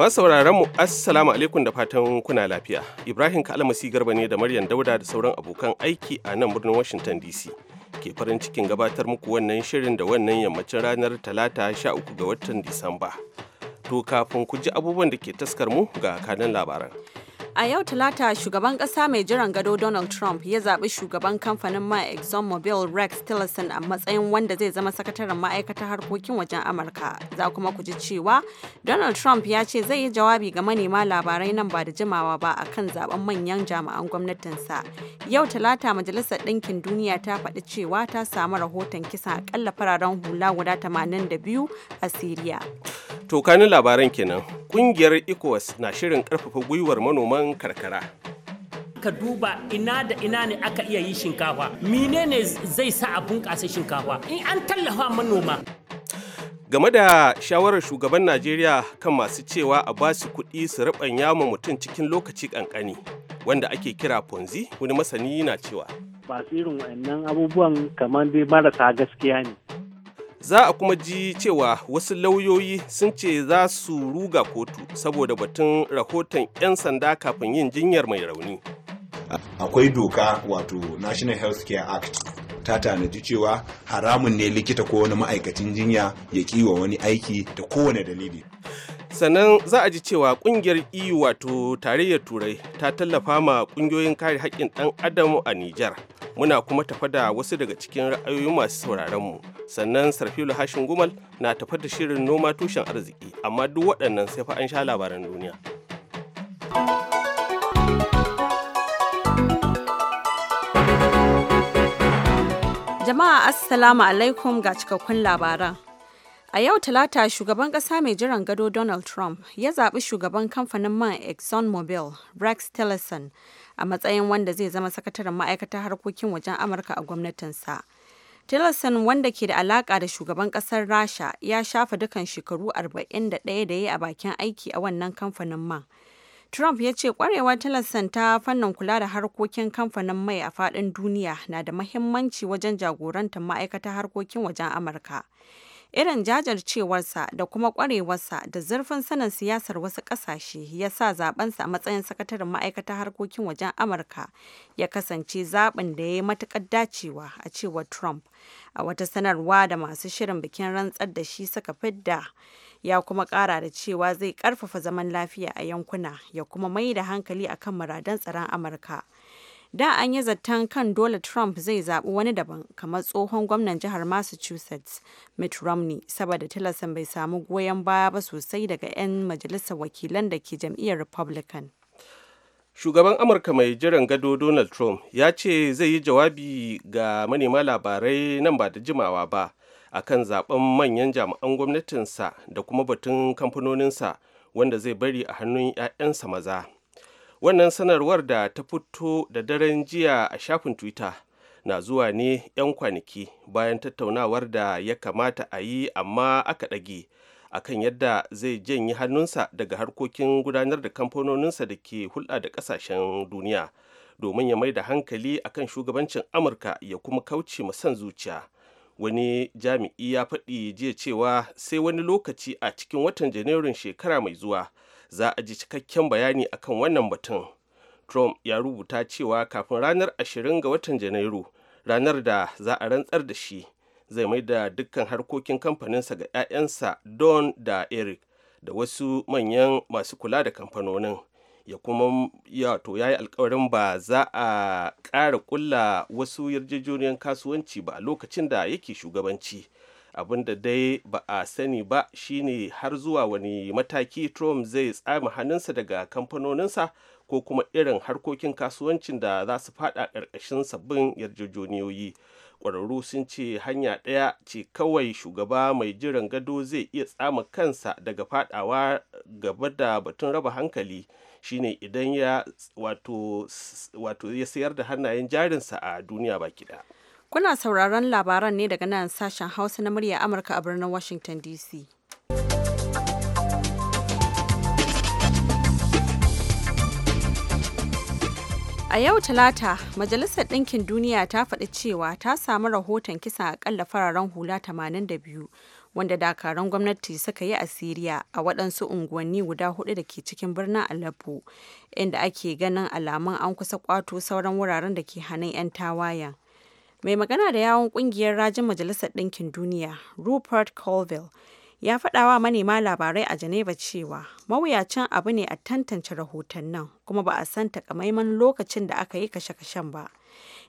Masu sauraron mu assalamu alaikum da fatan kuna lafiya. Ibrahim Kalmasi Garba ne da Maryam Dauda da sauran abokan aiki a nan birnin Washington DC. Ke farin cikin gabatar muku wannan shirin da wannan yammacin ranar Talata sha uku ga watan Disamba. To kafin ku ji abubuwan da ke taskar mu ga kanan labaran. A yau Talata shugaban kasa mai jiran gado Donald Trump ya zaɓi shugaban kamfanin ma ExxonMobil Rex Tillerson a matsayin wanda zai zama sakataren ma'aikatar harkokin wajen Amurka. Za kuma ku ji cewa Donald Trump ya ce zai yi jawabi ga manema labarai nan ba da jimawa ba akan zaben manyan jami'an gwamnatinsa. Yau Talata Majalisar Ɗinkin Duniya ta faɗi cewa ta samu rahoton kisan akalla fararen hula guda 82 a Siriya. To kanin labaran kenan. ƙungiyar ECOWAS na shirin ƙarfafa gwiwar manoman manoman karkara ka duba ina da ina ne aka iya yi shinkafa menene zai sa a bunƙasa shinkafa in an tallafa manoma game da shawarar shugaban najeriya kan masu cewa a ba su kuɗi su raɓanya ma mutum cikin lokaci ƙanƙani wanda ake kira ponzi wani masani na cewa ba irin waɗannan abubuwan kamar dai marasa gaskiya ne za a kuma ji cewa wasu lauyoyi sun ce za su ruga kotu saboda batun rahoton 'yan sanda kafin yin jinyar mai rauni akwai doka wato national health care act ta tanaji cewa haramun ne likita ko wani ma'aikacin jinya ya kiwa wani aiki da kowane dalili sannan za a ji cewa kungiyar eu wato tarayyar turai ta tallafa ma kungiyoyin kare haƙƙin ɗan adam a nijar muna kuma tafa da wasu daga cikin ra'ayoyin masu sauraron mu sannan sarfilu hashin gumal na tafa da shirin noma tushen arziki amma duk waɗannan sai fa an sha labaran duniya jama'a assalamu alaikum ga cikakkun labaran A yau Talata shugaban kasa mai jiran gado Donald Trump ya zaɓi shugaban kamfanin man ExxonMobil Rex Tillerson a matsayin wanda zai zama sakataren ma'aikatar harkokin wajen Amurka a gwamnatinsa. Tillerson wanda ke da alaƙa da shugaban ƙasar Rasha ya shafa dukan shekaru 41 da ya yi a bakin aiki a wannan kamfanin man. Trump ya ce kwarewar Tillerson ta fannin kula da harkokin kamfanin mai a faɗin duniya na da mahimmanci wajen jagorantar ma'aikatar harkokin wajen Amurka. Irin jajircewarsa da kuma kwarewarsa da zurfin sanin siyasar wasu ƙasashe ya sa zabensa a matsayin sakataren ma'aikatar harkokin wajen Amurka ya kasance zaɓin da ya yi matuƙar dacewa, a cewar Trump, a wata sanarwa da masu shirin bikin rantsar da shi suka fidda. Ya kuma ƙara da cewa zai ƙarfafa zaman lafiya a yankuna ya kuma mai da hankali akan muradan tsaron Amurka. Da an yi zaton kan dole Trump zai zaɓi wani daban kamar tsohon gwamnan jihar Massachusetts Mitt Romney saboda tillerson bai samu goyon baya ba sosai daga 'yan majalisar wakilan da ke jam'iyyar Republican. Shugaban Amurka mai jiran gado Donald Trump ya ce zai yi jawabi ga manema labarai nan ba da jimawa ba akan zaben manyan jami'an gwamnatinsa da kuma batun kamfanoninsa wanda zai bari a hannun 'ya'yansa maza. wannan sanarwar da ta fito da daren jiya a shafin twitter na zuwa ne 'yan kwanaki bayan tattaunawar da ya kamata a yi amma aka ɗage a kan yadda zai janye hannunsa daga harkokin gudanar da kamfanoninsa da ke hulɗa da ƙasashen duniya domin ya mai da hankali a kan shugabancin amurka ya kuma kauce ma son zuciya wani jami'i ya faɗi jiya cewa sai wani lokaci a cikin watan janairun shekara mai zuwa za a ji cikakken bayani akan wannan batun trump ya rubuta cewa kafin ranar 20 ga watan janairu ranar da za a rantsar da shi zai mai da dukkan harkokin kamfaninsa ga 'ya'yansa don da eric da wasu manyan masu kula da kamfanonin ya kuma ya to ya yi alkawarin ba za a ƙara ƙulla wasu yarjejeniyar kasuwanci ba a lokacin da yake shugabanci abin da dai ba a sani ba shine har zuwa wani mataki trump zai tsami hannunsa daga kamfanoninsa ko kuma irin harkokin kasuwancin da za su fada ƙarƙashin sabbin yarjejeniyoyi ƙwararru sun ce hanya ɗaya ce kawai shugaba mai jiran gado zai iya tsama kansa daga fadawa gaba da batun raba hankali shine idan ya wato ya sayar da hannayen jarinsa a duniya baki ɗaya Kuna sauraron labaran ne daga nan sashen Hausa na murya Amurka a birnin Washington DC. A yau Talata, Majalisar Ɗinkin Duniya ta faɗi cewa ta samu rahoton kisa akalla fararen hula 82 wanda dakaran gwamnati suka yi a Siriya a waɗansu unguwanni guda hudu da ke cikin birnin Aleppo, inda ake ganin alamun an kusa kwato sauran wuraren da ke hannun 'yan tawayen. Mai magana da yawon kungiyar rajin Majalisar Ɗinkin Duniya, Rupert Colville, ya faɗawa manema labarai a Geneva cewa mawuyacin abu ne a tantance rahotannin kuma ba a san takamaiman lokacin da aka yi kashe-kashen ba.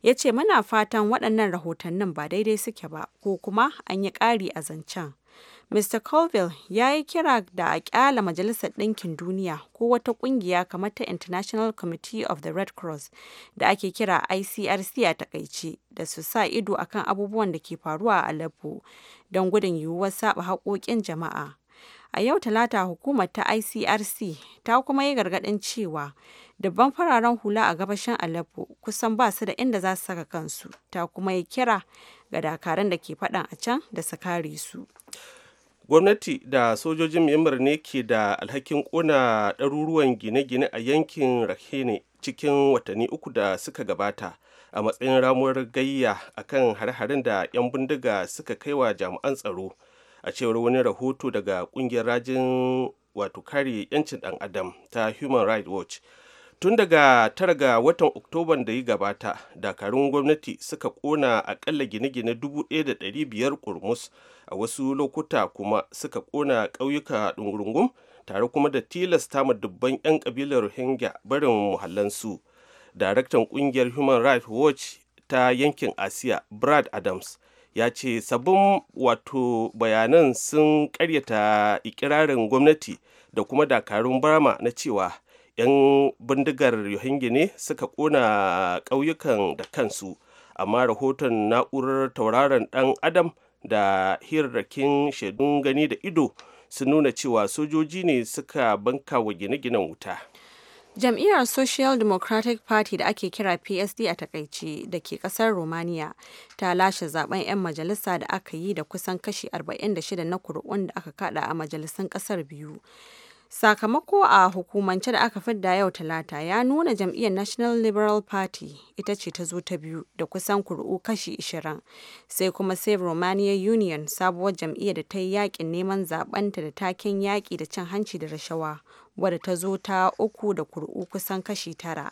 Ya ce muna fatan waɗannan rahotannin ba daidai suke ba ko kuma an yi ƙari a zancen. Mr. Colville ya yi kira da a kyala Majalisar Ɗinkin Duniya ko wata ƙungiya kamar ta International Committee of the Red Cross da ake kira ICRC a takaice da su sa ido akan abubuwan da ke faruwa a Aleppo don gudun yiwuwar saba haƙoƙin jama'a. A yau Talata hukumar ta ICRC ta kuma yi gargaɗin cewa dabban fararen hula a gabashin Aleppo kusan ba su da inda za su saka kansu, ta kuma yi kira ga dakaran da ke faɗan a can da su kare su. gwamnati da sojojin myanmar ne ke da alhakin ƙona ɗaruruwan gine-gine a yankin rahine cikin watanni uku da suka gabata a matsayin ramuwar gayya akan hare-haren da 'yan bindiga suka kai wa jami'an tsaro a cewar wani rahoto daga ƙungiyar rajin wato kare 'yancin ɗan adam ta human rights watch tun daga tara ga watan oktoban da ya gabata dakarun gwamnati suka kona akalla gine-gine 1,500 kurmus a wasu lokuta kuma suka kona ƙauyuka ɗungurungum tare kuma da tilasta ma dubban 'yan ƙabilar rohingya barin muhallansu daraktan ƙungiyar human rights watch ta yankin asiya brad adams ya ce sabbin wato bayanan sun ƙaryata ikirarin gwamnati da kuma dakarun barama na cewa 'yan bindigar yohingi ne suka kona ƙauyukan da kansu amma rahoton na'urar tauraron dan adam da hirarrakin shaidun gani da ido sun nuna cewa sojoji ne suka banka wa gine-ginen wuta jam'iyyar social democratic party da ake kira psd a takaici da ke kasar romania ta lashe zaben 'yan majalisa da aka yi da kusan kashi 46 na kuri'un da aka kada a majalisun kasar biyu Sakamako a hukumance da aka fidda yau Talata ya nuna jam'iyyar National Liberal Party ita ce ta zo ta biyu da kusan kuri'u kashi 20, sai kuma Save Romania Union, sabuwar jam'iyyar da ta yi yakin neman zaɓenta da taken yaƙi da cin hanci da rashawa, wadda ta zo ta uku da kuri'u kusan kashi tara.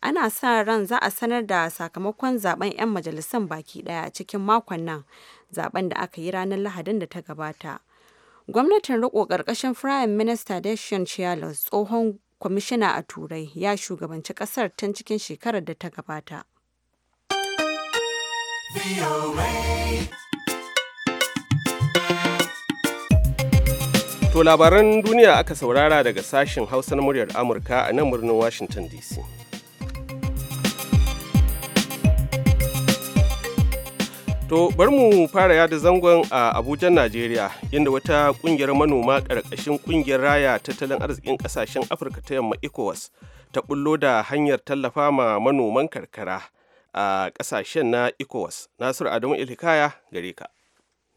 Ana sa ran za a sanar da sakamakon zaben 'yan majalisan baki ɗaya cikin makon nan, zaben da aka yi ranar Lahadin da ta gabata. Gwamnatin riko ƙarƙashin Firayim Minista Dacian Chiyalos tsohon kwamishina a Turai, ya shugabanci ƙasar tun cikin shekarar da ta gabata. To labaran duniya aka saurara daga sashen Hausa na muryar Amurka a nan birnin Washington DC. To bari mu fara yada zangon a Abuja, Najeriya, inda wata kungiyar manoma ƙarƙashin kungiyar raya tattalin arzikin ƙasashen Afirka ta yamma ECOWAS ta bullo da hanyar tallafa ma manoman karkara a ƙasashen na ECOWAS. Nasiru Adamu Ilhikaya gare ka.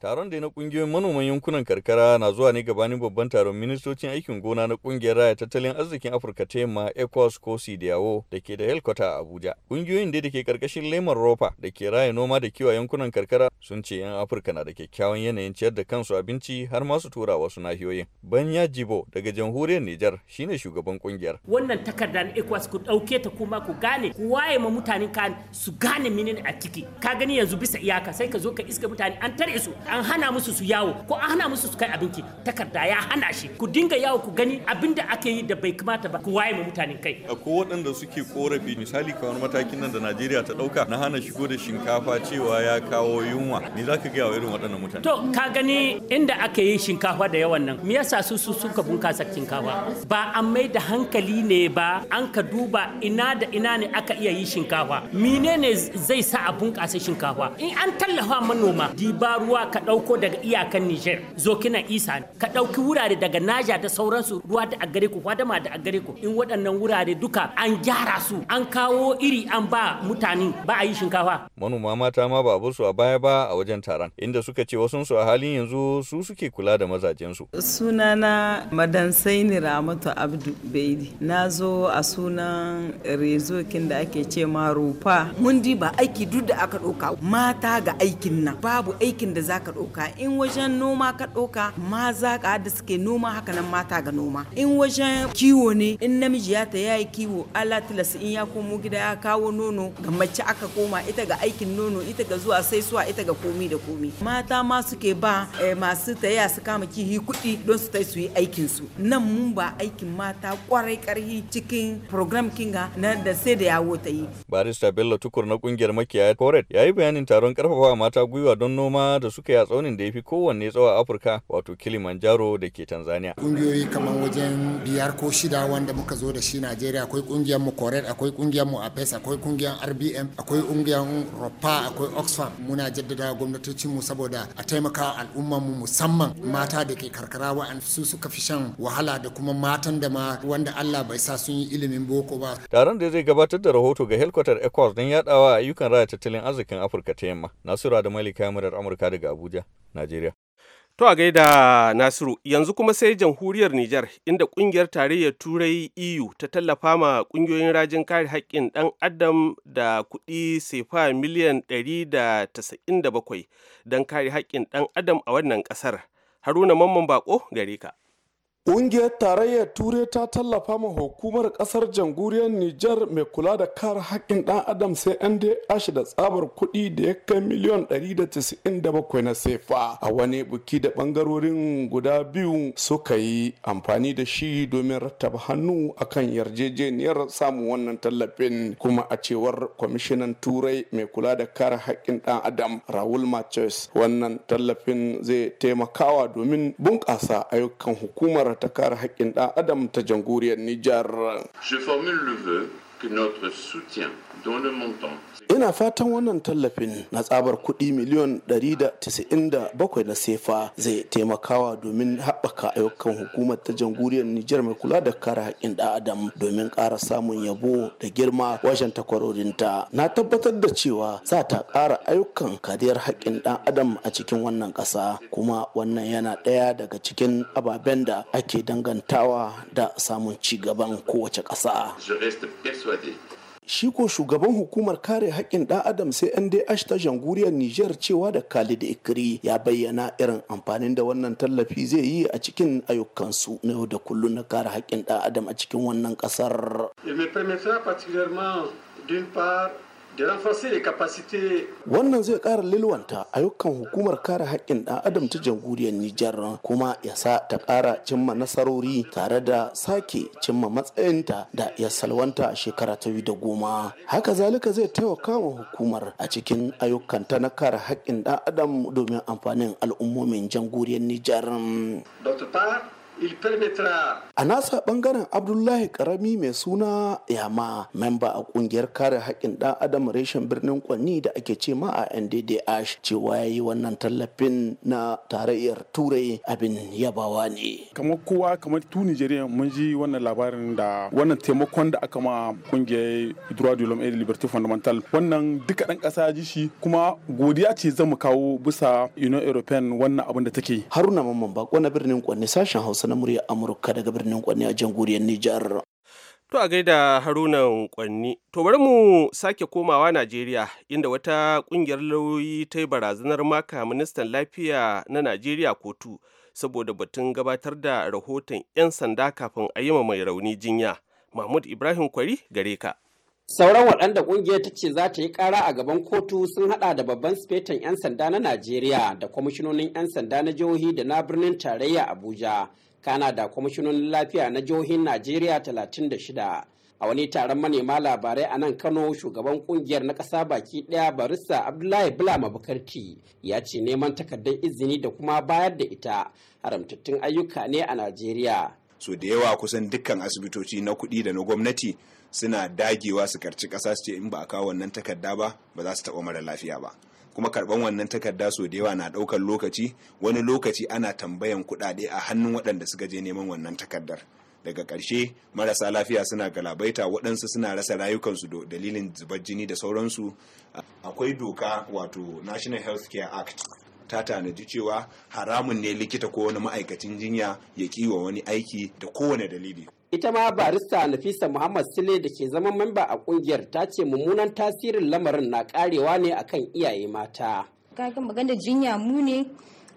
Taron da na kungiyoyin manoman yankunan karkara na zuwa ne gabanin babban taron ministocin aikin gona na kungiyar raya tattalin arzikin Afirka ta yamma ECOWAS ko CDAO da ke da helkota a Abuja. Kungiyoyin da ke karkashin lemar ropa da ke raya noma da kiwa yankunan karkara sun ce 'yan Afirka na da kyakkyawan yanayin ciyar da kansu abinci har ma su tura wasu nahiyoyin. Banya Jibo daga jamhuriyar Nijar shine shugaban kungiyar. Wannan takardar ECOWAS ku dauke ta kuma ku gane ku waye ma mutanen kan su gane menene a ciki. Ka gani yanzu bisa iyaka sai ka zo ka iska mutane an tare su an hana musu su yawo ko an hana musu su kai abinci takarda ya hana shi ku dinga yawo ku gani abin da ake yi da bai kamata ba ku waye ma mutanen kai ko waɗanda suke korafi misali kamar matakin nan da Najeriya ta ɗauka na hana shigo da shinkafa cewa ya kawo yunwa me zaka ga irin waɗannan mutane to ka gani inda ake yin shinkafa da yawan nan me yasa su su suka bunkasa shinkafa ba an mai da hankali ne ba an ka duba ina da ina ne aka iya yi shinkafa menene zai sa a bunkasa shinkafa in an tallafa manoma diba ruwa ka ka ɗauko daga iyakan Niger zo kina isa ka ɗauki wurare daga Naja da sauransu ruwa da agare ku fadama da agare ku in waɗannan wurare duka an gyara su an kawo iri an ba mutane ba a yi shinkafa. Manoma mata ma ba su a baya ba a wajen taron inda suka ce wasu su a halin yanzu su suke kula da mazajen su. Sunana Madansaini Ramatu Abdu Beidi na zo a sunan rezokin da ake ce ma rufa. Mun ba aiki duk da aka ɗauka mata ga aikin nan babu aikin da zaka ka ɗauka in wajen noma ka ɗauka maza ka da suke noma haka nan mata ga noma in wajen kiwo ne in namiji ya ta yayi kiwo ala tilasi in ya komo gida ya kawo nono ga mace aka koma ita ga aikin nono ita ga zuwa sai suwa ita ga komi da komi mata ma suke ba eh, masu ta taya su kama kihi kuɗi don su tai su yi aikin su nan mun ba aikin mata kwarai karhi cikin program kinga na da sai da yawo ta yi barista bello tukur na kungiyar makiyaya koret ya yi bayanin taron karfafa mata gwiwa don noma da suka yi a tsaunin da ya fi kowanne tsawo a Afirka wato Kilimanjaro da ke Tanzania. Kungiyoyi kamar wajen biyar ko shida wanda muka zo da shi Najeriya akwai kungiyar mu Koret, akwai kungiyar mu APES, akwai kungiyar RBM, akwai kungiyar Ropa, akwai Oxfam. Muna jaddada gwamnatocin mu saboda a taimaka al'ummar mu musamman mata da ke karkara wa'an su suka fi shan wahala da kuma matan da ma wanda Allah bai sa sun yi ilimin boko ba. Taron da zai gabatar da rahoto ga helkwatar ecos don yadawa ayyukan raya tattalin arzikin Afirka ta yamma. Nasura da Malika murar Amurka daga abu Abuja, Najeriya. To a gaida Nasiru, yanzu kuma sai jamhuriyar Nijar inda kungiyar tarayyar Turai EU ta tallafa ma kungiyoyin rajin kare haƙƙin ɗan adam da kuɗi sefa miliyan 197 don kare haƙƙin ɗan adam a wannan ƙasar. Haruna Mamman Bako gare ka. Ƙungiyar Tarayyar Turai ta tallafa ma hukumar ƙasar jamhuriyar Nijar mai kula da kar haƙƙin ɗan Adam sai an dai ashi da tsabar kuɗi da ya kai miliyon 197 na sefa a wani buki da ɓangarorin guda biyu suka yi amfani da shi domin rattaba hannu akan yarjejeniyar samun wannan tallafin kuma a cewar kwamishinan Turai mai kula da kare haƙƙin ɗan Adam Raul Maches wannan tallafin zai taimakawa domin bunƙasa ayyukan hukumar ta kare haƙƙin ɗan adam ta jamhuriyar Nijar. Je formule le Ina fatan wannan tallafin na tsabar kuɗi miliyon 197 na sefa zai taimakawa domin haɓaka ayyukan hukumar ta jamhuriyar Nijar mai kula da kare haƙƙin ɗan adam domin ƙara samun yabo da girma wajen takwarorinta. Na tabbatar da cewa za ta ƙara ayyukan kariyar haƙƙin ɗan adam a cikin wannan ƙasa kuma wannan yana ɗaya daga cikin ababen da ake dangantawa da samun ci gaban kowace ƙasa. Shiko Shi ko shugaban hukumar kare haƙƙin ɗan adam sai an dai ta janguriyar Nijar cewa da Khalid Ikri ya bayyana irin amfanin da wannan tallafi zai yi a cikin ayyukansu na yau da kullum na kare haƙƙin ɗan adam a cikin wannan ƙasar. Wannan zai ƙara lilwanta ayyukan hukumar kare haƙƙin ɗan adam ta jamhuriyar Nijar kuma ya sa ta ƙara cimma nasarori tare da sake cimma matsayinta da ya salwanta a shekara ta da goma. Haka zalika zai taimaka wa hukumar a cikin ayyukanta na kare haƙƙin ɗan adam domin amfanin al'ummomin jamhuriyar Nijar. A nasa bangaren Abdullahi Karami mai suna Yama, memba a kungiyar kare haƙƙin ɗan Adam reshen birnin Kwanni da ake ce ma a NDDH cewa ya yi wannan tallafin na tarayyar Turai abin yabawa ne. Kamar kowa kamar tu Nijeriya mun ji wannan labarin da wannan taimakon da aka ma kungiyar Droit de l'Homme et Liberté Fondamentale wannan duka ɗan ƙasa ji shi kuma godiya ce zamu kawo bisa Union European wannan abin da take. Haruna Mamman Bako na birnin Kwanni sashen Hausa na murya Amurka daga birnin Kwanni a jamhuriyar Nijar. To a gaida Haruna Kwanni. To bari mu sake komawa Najeriya inda wata kungiyar lauyi ta yi barazanar maka ministan lafiya na Najeriya kotu saboda batun gabatar da rahoton 'yan sanda kafin a yi mai rauni jinya. Mahmud Ibrahim Kwari gare ka. Sauran waɗanda ƙungiyar ta ce za ta yi ƙara a gaban kotu sun haɗa da babban sifetan 'yan sanda na Najeriya da kwamishinonin 'yan sanda na jihohi da na birnin tarayya Abuja kana da kwamishinonin lafiya na jihohin najeriya 36 a wani taron manema labarai a nan kano shugaban kungiyar na ƙasa baki ɗaya barista abdullahi bula mabukarti ya ce neman takardar izini da kuma bayar da ita haramtattun ayyuka ne a najeriya so da yawa kusan dukkan asibitoci na kuɗi da na gwamnati suna dagewa su karci ƙasa su ce in ba a kawo wannan takarda ba ba za su taɓa mara lafiya ba kuma karban wannan takarda so da yawa na ɗaukar lokaci wani lokaci ana tambayan kuɗaɗe a hannun waɗanda suka je neman wannan takardar daga ƙarshe marasa lafiya suna galabaita waɗansu suna rasa rayukansu da dalilin zubar jini da sauransu akwai doka wato national health care act ta tanaji cewa haramun ne likita ko wani ma'aikacin jinya ya kiwa wani aiki da kowane dalili ita ma barista nafisa muhammad sile da ke zama memba a kungiyar ta ce mummunan tasirin lamarin na karewa ne akan iyaye mata kaga maganar jinya mu ne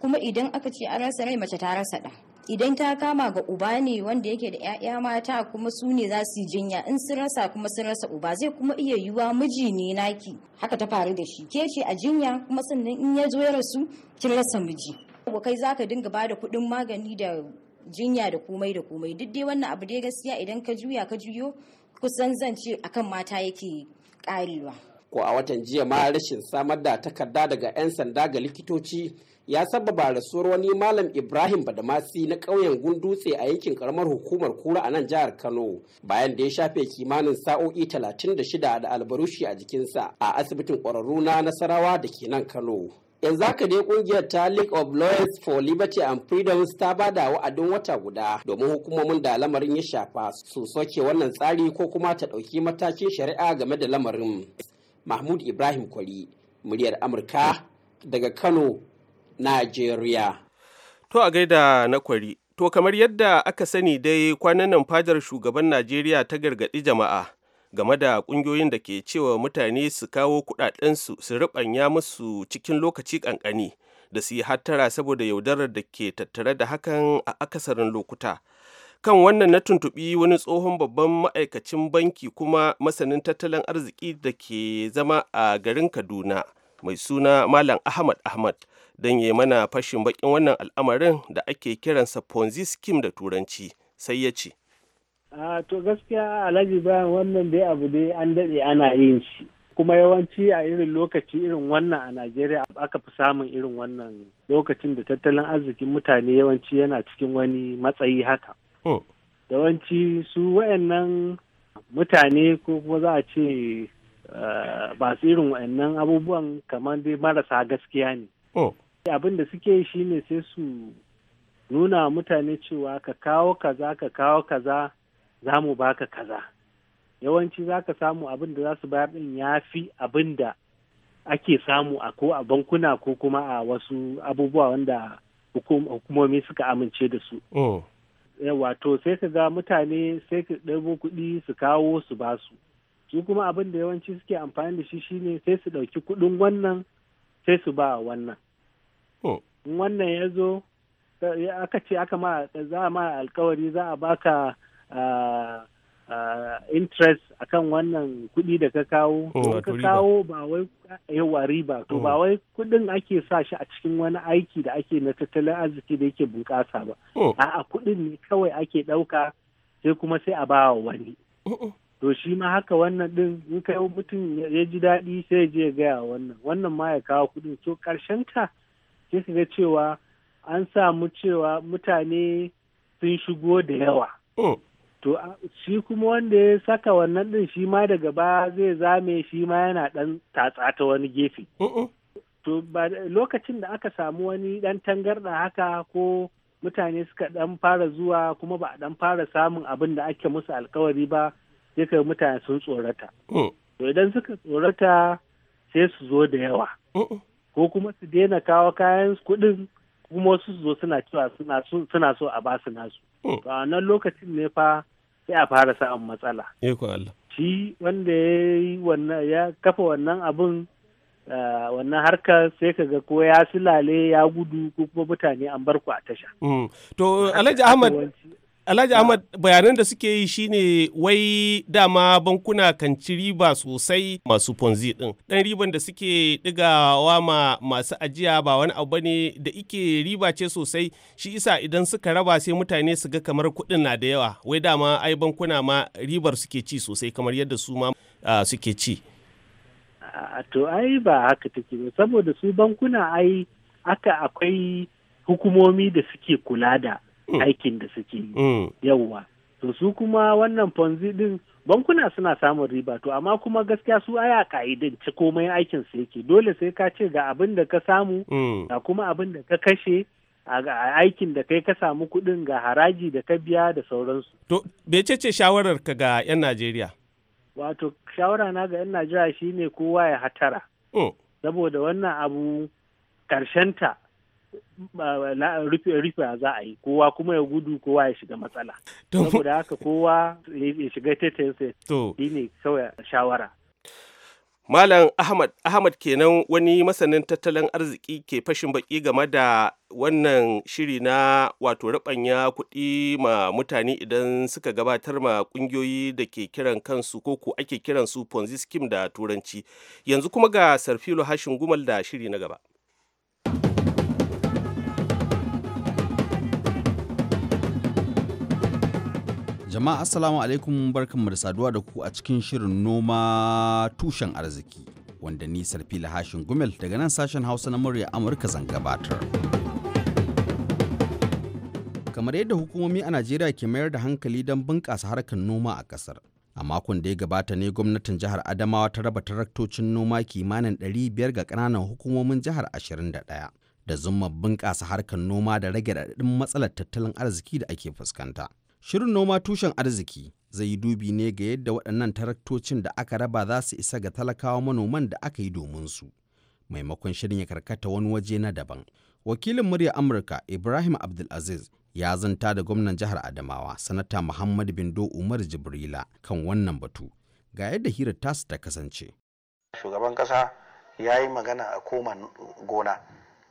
kuma idan aka ce an rasa rai mace ta rasa ɗa idan ta kama ga uba ne wanda yake da 'ya'ya mata kuma su ne za su yi jinya in sun rasa kuma sun rasa uba zai kuma iya yiwuwa miji ne naki haka ta faru da shi ke ce a jinya kuma sannan in ya zo ya rasu kin rasa miji kai za ka dinga bada kuɗin magani da jinya da komai da komai duk dai wannan abu dai gaskiya idan ka juya ka juyo kusan zan ce akan mata yake karewa ko a watan jiya ma rashin samar da takarda daga 'yan sanda ga likitoci ya sababa rasuwar wani malam ibrahim badamasi na ƙauyen gundutse a yankin karamar hukumar kura a nan jihar kano bayan da ya shafe kimanin sa'o'i 36 da albarushi a jikinsa a asibitin ƙwararru na nasarawa da ke nan kano yanzu haka ne kungiyar ta league of lawyers for liberty and Freedom ta ba da wa'adin wata guda domin hukumomin da lamarin ya shafa su soke wannan tsari ko kuma ta ɗauki matakin shari'a game da lamarin mahmud ibrahim kwari muryar amurka daga kano nigeria to a gaida na kwari to kamar yadda aka sani dai kwanan nan fadar shugaban najeriya ta gargaɗi jama'a game da kungiyoyin da ke cewa mutane su kawo kudadensu su rubanya musu cikin lokaci kankani da su yi hattara saboda yaudarar da ke tattare da hakan a akasarin lokuta kan wannan na tuntubi wani tsohon babban ma'aikacin banki kuma masanin tattalin arziki da ke zama a garin kaduna mai suna malam ahmad ahmad don ya mana fashin bakin wannan al'amarin da ake kiransa ponzi scheme da turanci sai ya ce a to gaskiya alhaji bayan wannan dai abu dai an daɗe ana yin shi kuma yawanci a irin lokaci irin wannan a najeriya aka fi samun irin wannan lokacin da tattalin arzikin mutane yawanci yana cikin wani matsayi haka oh. yawanci su wayannan mutane ko kuma za a ce ba eh, su irin wayannan abubuwan kamar dai marasa gaskiya ne oh. abin da suke shi ne sai su nuna mutane cewa ka kawo kaza ka kawo kaza za mu baka kaza yawanci za ka samu abin da za su bayar din ya fi abin da ake samu a ko a bankuna ko kuma a wasu abubuwa wanda hukumomi suka amince da su oh. wato sai ka ga mutane sai ka ɗabo kuɗi su kawo su ba su su kuma abin da yawanci suke amfani da shi shine sai su ɗauki kuɗin wannan sai su ba wannan oh. wannan ya zo aka ce aka ma za a ma alkawari za a baka interest kan wannan kuɗi da ka kawo oh, ka kawo ba wai yawa riba to ba oh. wai kuɗin ake sa shi a cikin wani aiki da ake na tattalin arziki da yake bunƙasa ba oh. a'a kuɗin ne kawai ake ɗauka sai kuma sai a ba wa wani to shi ma haka wannan din in kai mutum ya ji daɗi sai ya je ya gaya wannan wannan ma ya kawo kuɗin to ƙarshen ta sai su ga cewa an samu cewa mutane sun shigo da yawa to shi kuma wanda ya saka wannan din shi ma daga ba zai zame shi ma yana dan tatsa ta wani gefe to ba lokacin da aka samu wani dan tangarda haka ko mutane suka dan fara zuwa kuma ba a dan fara samun abin da ake musu alkawari ba sai kai mutane sun tsorata mm. to idan suka tsorata sai su zo da yawa ko kuma su daina kawo kayan kuɗin kuma wasu su zo suna cewa suna so a basu nasu mm. to a wannan lokacin ne fa sai a fara samun matsala eh shi wanda ya yi ya kafa wannan abun wannan harkar sai ka ga ko ya silale ya gudu ko kuma mutane an bar ku a tasha. Mm. To Alhaji Ahmad Alhaji Ahmad bayanan da suke yi shine wai dama bankuna kan ci riba sosai masu ponzi din. Dan riban da suke digawa ma masu ajiya ba wani abu ne da ike riba ce sosai shi isa idan suka raba sai mutane su ga kamar kuɗin na da yawa. Wai dama ai bankuna ma ribar suke ci sosai kamar yadda su ma suke ci. To ai ba haka take ba saboda su bankuna ai aka akwai hukumomi da suke kula da Mm. aikin da suke yi mm. yawwa to su kuma wannan ponzi din bankuna suna samun riba to amma kuma gaskiya su aya ka'idan ci komai aikin su yake dole sai ka ce ga abin da ka samu mm. ga kuma abin da ka kashe a aikin da kai ka samu kuɗin ga haraji da ka biya da sauransu. To, bece ce shawarar ka ga 'yan Najeriya? Wato, shawara na ga 'yan Najeriya shine kowa ya hatara. Saboda wannan abu karshenta rufe a za a yi kowa kuma ya gudu kowa ya shiga matsala saboda haka kowa ya shiga tattalinsa shi ne sauya shawara Malam Ahmad Ahmad kenan wani masanin tattalin arziki ke fashin baki game da wannan shiri na wato rabanya kuɗi ma mutane idan suka gabatar ma ƙungiyoyi da ke kiran kansu ko ko ake kiran su Ponzi scheme da turanci. Yanzu kuma ga Sarfilo Hashin Gumal da shiri na gaba. Jama'a Assalamu alaikum barkanmu da saduwa da ku a cikin shirin noma tushen arziki wanda ni sarfi lahashin Gumel daga nan sashen Hausa na murya Amurka zan gabatar. Kamar yadda hukumomi a Najeriya ke mayar da hankali don bunƙasa harkar noma a ƙasar. A makon da ya gabata ne gwamnatin jihar Adamawa ta raba taraktocin noma kimanin 500 ga ƙananan hukumomin jihar 21. da zuma bunƙasa harkar noma da rage raɗaɗin matsalar tattalin arziki da ake fuskanta. Shirin noma tushen arziki zai yi dubi ne ga yadda waɗannan taraktocin da aka raba za su isa ga talakawa manoman da aka yi domin su, maimakon shirin ya karkata wani waje na daban. Wakilin murya Amurka Ibrahim Abdulaziz ya zanta da gwamnan jihar Adamawa, Sanata Muhammad Bindo Umar Jibrila kan wannan batu. Ga yadda hirar tasu ta kasance. Shugaban kasa ya yi magana a koma gona.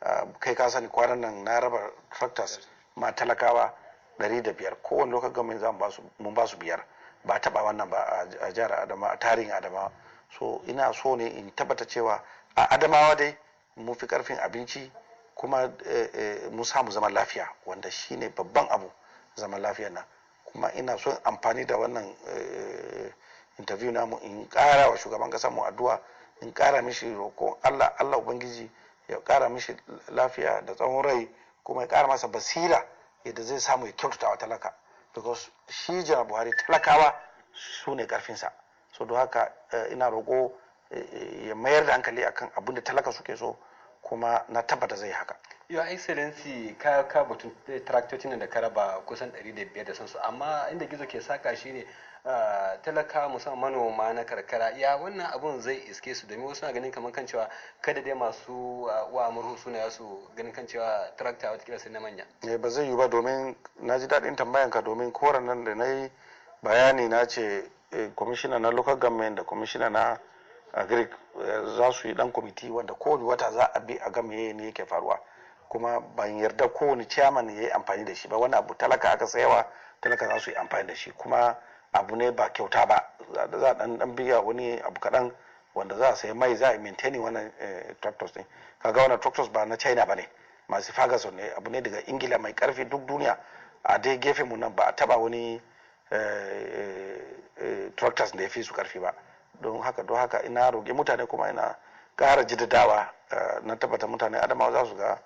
Ah, kai ka sani kwanan nan na raba tractors ma talakawa ɗari da biyar kowane lokacin gamin za mun ba su biyar ba taba wannan ba a jihar adama a tarihin adama so ina so ne in tabbata cewa a adamawa dai mun fi karfin abinci kuma eh, eh, mun samu zaman lafiya wanda shine babban abu zaman lafiya na kuma ina so amfani da wannan eh, interview namu in ƙara wa shugaban ƙasar mu addu'a in kara mishi roko Allah Allah ubangiji ya kara mishi lafiya da tsawon rai kuma ya ƙara masa basira yadda zai samu ya kyautata wa talaka because shi jana buhari talakawa su ne karfinsa so don haka eh, ina roƙo eh, eh, ya mayar da hankali akan abin da talaka suke so kuma na tabbata zai haka your excellency ka ka batun traktocin da ka raba kusan 500 da sansu amma inda gizo ke saka shine talaka musamman manoma na karkara ya wannan abun zai iske su domin wasu na ganin kamar kan cewa kada dai masu wa murhu suna ya su ganin kan cewa tarakta watakila sai na manya. Eh, ba zai yiwu ba domin na ji daɗin tambayan ka domin koren nan da na yi bayani na ce eh, kwamishina na local government da kwamishina na agric eh, za su yi dan kwamiti wanda kowane wata za a bi a ga meye ne yake faruwa kuma ban yarda kowane chairman ya yi amfani da shi ba wani abu talaka aka sayawa talaka za su yi amfani da shi kuma abu ne ba kyauta ba za a dan biya wani abu kaɗan wanda za a sayi mai za a maintain wannan eh, tractors ne kaga wannan tractors ba na china ba ne masu fagason ne abu ne daga ingila mai karfi duk duniya a dai gefe mu nan ba a taba wani eh, eh, tractors da ya fi su karfi ba don haka don haka ina roge mutane kuma ina kara jiddadawa na tabbata mutane adamawa za su ga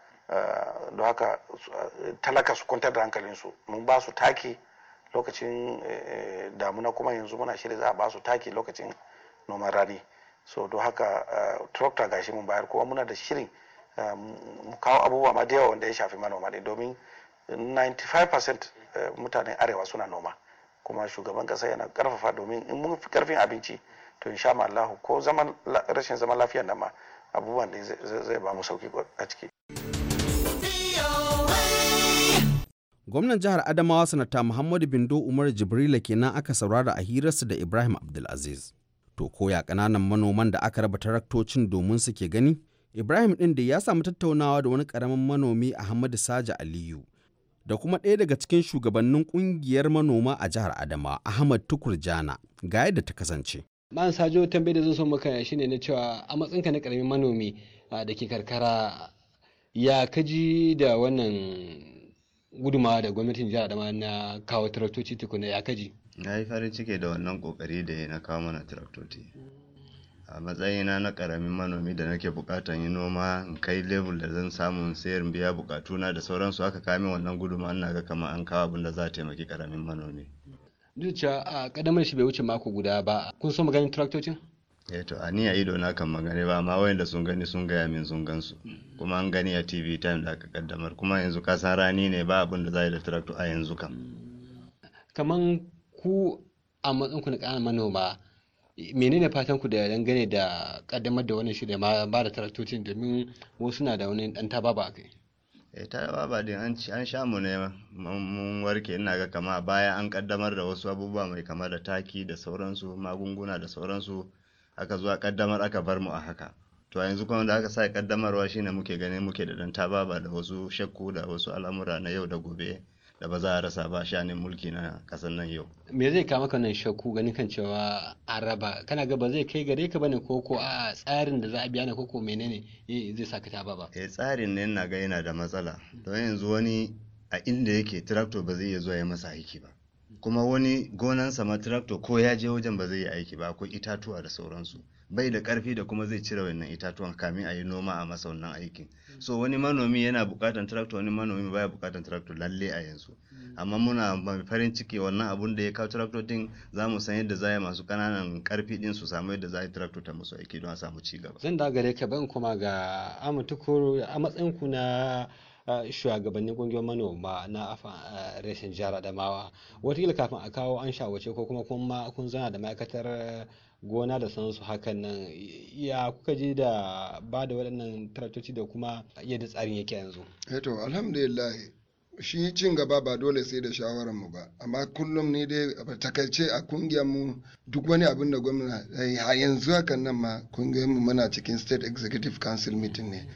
don haka talaka su kwantar da hankalinsu mun ba su taki lokacin eh, eh, damuna kuma yanzu muna shiri za a ba su taki lokacin noman rani so don haka eh, tractor gashi mun bayar kuma muna da shirin mu kawo abubuwa ma da yawa wanda ya shafi manoma ne domin 95% mutanen arewa suna noma kuma shugaban kasa yana karfafa domin in mun fi karfin abinci to sha insha Allah ko zaman rashin zaman lafiyar nan ma abubuwan da zai ba mu sauki a ciki gwamnan jihar adamawa sanata muhammadu bindo umar jibrila kenan aka saurara a hirarsa da ibrahim abdulaziz to koya kananan manoman da aka raba taraktocin domin suke gani ibrahim ɗin da ya samu tattaunawa da wani karamin manomi ahmadu saja aliyu da kuma ɗaya daga cikin shugabannin ƙungiyar manoma a jihar adama ahmad tukur jana ga yadda ta kasance Ma'an sajo tambayi da zan so maka shine na cewa a matsinka na karamin manomi ah, da ke karkara ya kaji da wannan gudumawa da gwamnatin jihar adama na kawo taraktoci tukuna ya kaji na yi farin ciki da wannan kokari da ya na kawo mana taraktoci a matsayina na karamin manomi da nake bukatan yi noma in kai lebur da zan samu sayar biya bukatuna da sauransu aka kame wannan guduma ina ga kama an kawo abin za a taimaki karamin manomi duk da a kadamar shi bai wuce mako guda ba kun so maganin traktocin eh to a ni a ido na kan magane ba amma wayanda sun gani sun gaya min sun gansu kuma an gani a tv time da aka kaddamar kuma yanzu kasan rani ne ba abin da za da tractor a yanzu kam kaman ku a matsayin ku na ƙananan manoma menene fatan ku da dangane da kaddamar da wannan shirya ma ba da traktocin domin wasu na da wani dan tababa a kai eh taraba ba din an an sha mu ne mun warke ina ga kama baya an kaddamar da wasu abubuwa mai kama da taki da sauransu magunguna da sauransu aka zuwa kaddamar aka bar mu a haka to yanzu kuma da aka sa kaddamarwa shine muke ganin muke da dan tababa da wasu shakku da wasu al'amura na yau da gobe da ba za a rasa ba shanin mulki na kasan nan yau. Me zai kawo maka nan shakku ganin kan cewa an raba kana ga ba zai kai gare ka bane koko a tsarin da za a biya na koko menene eh, zai sa ka taba ba. Eh tsarin ne na ga yana da matsala don yanzu wani a inda yake tractor ba zai iya zuwa ya masa aiki ba. kuma wani gonansa ma tractor ko ya je wajen ba zai yi aiki ba akwai itatuwa da sauransu bai da karfi da kuma zai cire wannan itatuwan kamin a yi noma a masa wannan aikin so wani manomi yana bukatan tractor wani manomi baya bukatan tractor lalle a yanzu amma muna farin ciki wannan abun da ya kawo tractor din za mu san yadda za masu kananan karfi din su samu yadda za a yi ta musu aiki don a samu ci gaba zan da gare ka ban kuma ga amatukur a matsayin ku na shugabannin kungiyar manoma na afa reshen jihar adamawa wataƙila kafin a kawo an shawarce ko kuma kuma kun zana da ma'aikatar gona da sansu hakan nan ya kuka je da ba da waɗannan taraktoci da kuma yadda tsarin yake yanzu eto eh alhamdulillah shi cin gaba ba dole sai da shawararmu ba amma kullum ne dai a takaice a kungiyarmu duk wani abin da gwamna eh, a yanzu hakan nan ma kungiyarmu muna cikin state executive council meeting ne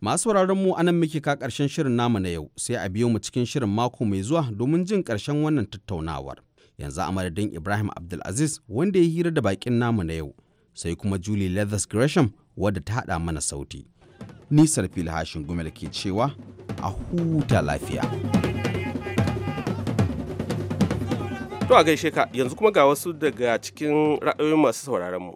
Masu mu anan muke ka ƙarshen shirin namu na yau sai a biyo mu cikin shirin mako mai zuwa domin jin karshen wannan tattaunawar. Yanzu a madadin Ibrahim Abdulaziz wanda ya hira da bakin namu na yau sai kuma Julie Leathers Gresham wadda ta haɗa mana sauti. Ni Sarfil Hashin Gumel ke cewa a huta lafiya. To a gaishe ka yanzu kuma ga wasu daga cikin ra'ayoyin masu sauraron mu.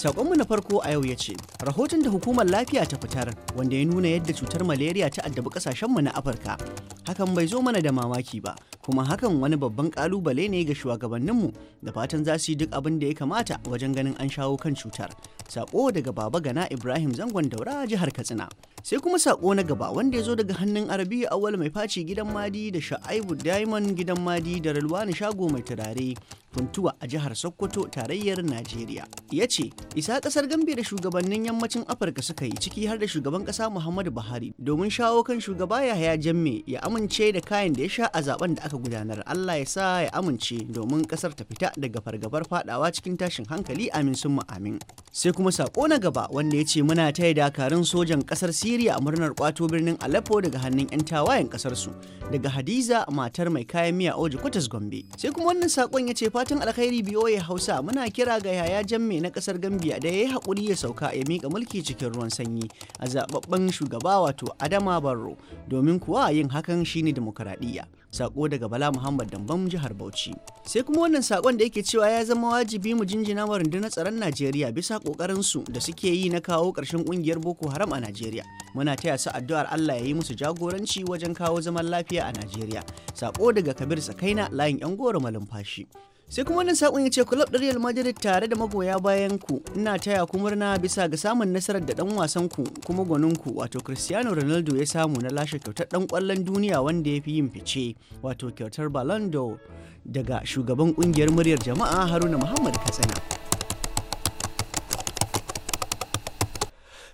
Saƙonmu na farko a yau ya ce, rahoton da hukumar lafiya ta fitar wanda ya nuna yadda cutar malaria ta addabi kasashenmu na Afirka. Hakan bai zo mana da mamaki ba, kuma hakan wani babban ƙalubale ne ga shugabanninmu da fatan za su yi duk abin da ya kamata wajen ganin an shawo kan cutar. saƙo daga Baba Gana Ibrahim Zangon Daura jihar Katsina. sai kuma sako na gaba wanda ya zo daga hannun arabi awal mai faci gidan madi da sha'aibu diamond gidan madi da rilwani shago mai turare funtuwa a jihar sokoto tarayyar najeriya ya ce isa kasar gambe da shugabannin yammacin afirka suka yi ciki har da shugaban kasa muhammadu buhari domin shawo kan shugaba yahaya jamme ya amince da kayan da ya sha a zaben da aka gudanar allah ya sa ya amince domin kasar ta fita daga fargabar fadawa cikin tashin hankali amin sun amin sai kuma sako na gaba wanda ya ce muna taya dakarun sojan kasar siya Najeriya a murnar kwato birnin Aleppo daga hannun 'yan tawayen kasarsu daga Hadiza matar mai kayan miya Oji Kwatas Gombe. Sai kuma wannan sakon ya ce fatan alkhairi biyo ya Hausa muna kira ga yaya jamme na kasar Gambia da ya yi haƙuri ya sauka ya mika mulki cikin ruwan sanyi a zababben shugaba wato Adama Barro domin kuwa yin hakan shine dimokuraɗiyya. sako daga bala muhammad Damban jihar bauchi sai kuma wannan sakon da yake cewa ya zama wajibi mu jinjina wa rundunar tsaron najeriya bisa kokarin su da suke yi na kawo karshen kungiyar boko haram a najeriya muna taya su addu'ar allah ya yi musu jagoranci wajen kawo zaman lafiya a najeriya sako daga kabir sakaina layin yan goro malumfashi sai kuma wannan sakon ya ce kulab ɗin Real Madrid tare da magoya bayan ku ina taya ku murna bisa ga samun nasarar da dan wasan ku kuma gwanin ku wato Cristiano Ronaldo ya samu na lashe kyautar dan kwallon duniya wanda ya fi yin fice wato kyautar Ballon d'Or daga shugaban kungiyar muryar jama'a Haruna Muhammad Katsina.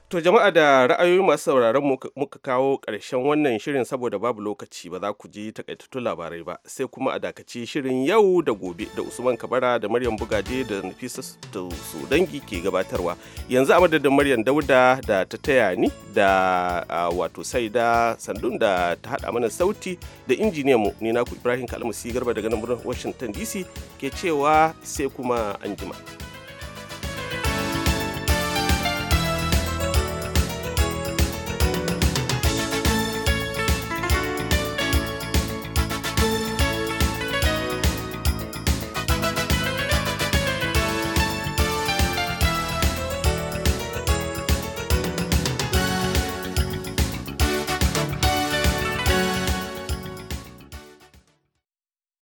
To jama'a da ra'ayoyi masu sauraron muka kawo ƙarshen wannan shirin saboda babu lokaci ba za ku ji takaitattun labarai ba sai kuma a dakaci shirin yau da gobe da Usman Kabara da Maryam Bugaje da Nafisa dangi ke gabatarwa. Yanzu a madadin Maryam Dauda da ta taya ni da wato Saida Sandun da ta haɗa mana sauti da injiniyan mu ni naku Ibrahim Kalmasi Garba daga nan Washington DC ke cewa sai kuma anjima.